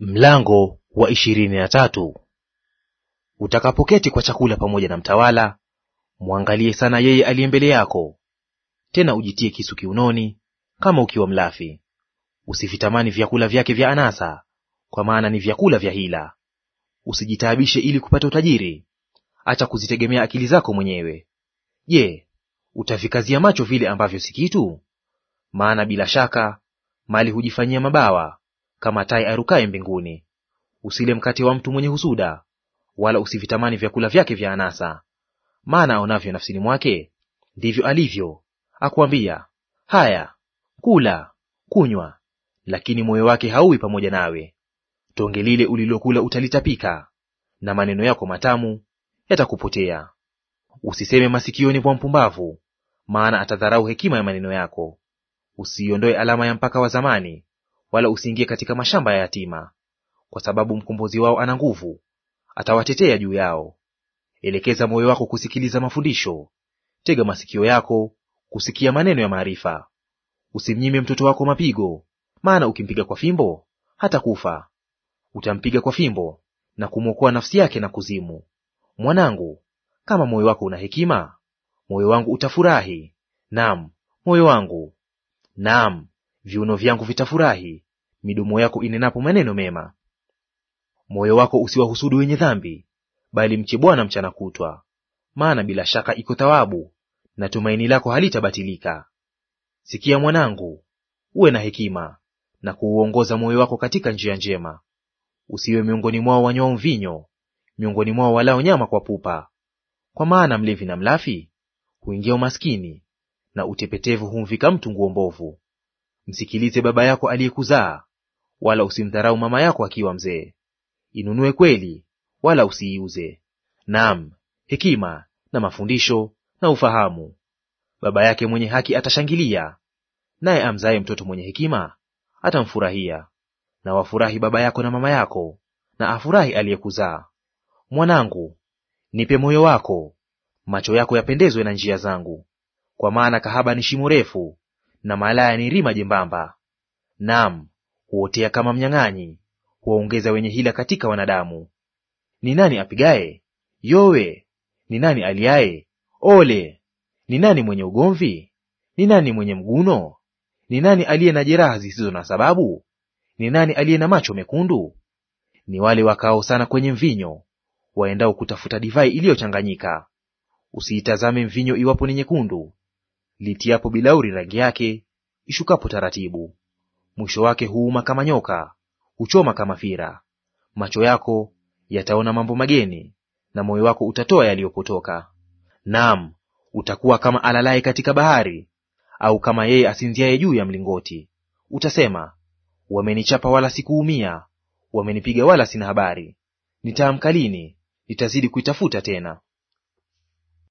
Mlango wa ishirini na tatu. Utakapoketi kwa chakula pamoja na mtawala, mwangalie sana yeye aliye mbele yako, tena ujitie kisu kiunoni kama ukiwa mlafi. Usivitamani vyakula vyake vya anasa, kwa maana ni vyakula vya hila. Usijitaabishe ili kupata utajiri, acha kuzitegemea akili zako mwenyewe. Je, utavikazia macho vile ambavyo si kitu? Maana bila shaka mali hujifanyia mabawa kama tai arukaye mbinguni. Usile mkate wa mtu mwenye husuda, wala usivitamani vyakula vyake vya anasa, maana aonavyo nafsini mwake ndivyo alivyo. akwambia haya kula, kunywa, lakini moyo wake hauwi pamoja nawe. Tonge lile ulilokula utalitapika, na maneno yako matamu yatakupotea. Usiseme masikioni mwa mpumbavu, maana atadharau hekima ya maneno yako. Usiiondoe alama ya mpaka wa zamani, wala usiingie katika mashamba ya yatima, kwa sababu mkombozi wao ana nguvu, atawatetea juu yao. Elekeza moyo wako kusikiliza mafundisho, tega masikio yako kusikia maneno ya maarifa. Usimnyime mtoto wako mapigo, maana ukimpiga kwa fimbo hata kufa; utampiga kwa fimbo na kumwokoa nafsi yake na kuzimu. Mwanangu, kama moyo wako una hekima, moyo wangu utafurahi, naam moyo wangu, naam viuno vyangu vitafurahi midomo yako inenapo maneno mema. Moyo wako usiwahusudu wenye dhambi, bali mche Bwana mchana kutwa, maana bila shaka iko thawabu, na tumaini lako halitabatilika. Sikia mwanangu, uwe na hekima, na kuuongoza moyo wako katika njia njema. Usiwe miongoni mwao wanywao mvinyo, miongoni mwao walao nyama kwa pupa. Kwa maana mlevi na mlafi huingia umaskini, na utepetevu humvika mtu nguo mbovu. Msikilize baba yako aliyekuzaa, wala usimdharau mama yako akiwa mzee. Inunue kweli, wala usiiuze; naam, hekima na mafundisho na ufahamu. Baba yake mwenye haki atashangilia, naye amzaye mtoto mwenye hekima atamfurahia. Na wafurahi baba yako na mama yako, na afurahi aliyekuzaa. Mwanangu, nipe moyo wako, macho yako yapendezwe na njia zangu. Kwa maana kahaba ni shimo refu, na malaya ni rima jembamba. Naam, huotea kama mnyang'anyi, huwaongeza wenye hila katika wanadamu. Ni nani apigaye? Yowe! Ni nani aliaye? Ole! Ni nani mwenye ugomvi? Ni nani mwenye mguno? Ni nani aliye na jeraha zisizo na sababu? Ni nani aliye na macho mekundu? Ni wale wakao sana kwenye mvinyo, waendao kutafuta divai iliyochanganyika. Usiitazame mvinyo iwapo ni nyekundu, litiapo bilauri rangi yake, ishukapo taratibu. Mwisho wake huuma kama nyoka, huchoma kama fira. Macho yako yataona mambo mageni, na moyo wako utatoa yaliyopotoka. Naam, utakuwa kama alalaye katika bahari, au kama yeye asinziaye juu ya mlingoti. Utasema, wamenichapa wala sikuumia, wamenipiga wala sina habari. Nitaamka lini? Nitazidi kuitafuta tena.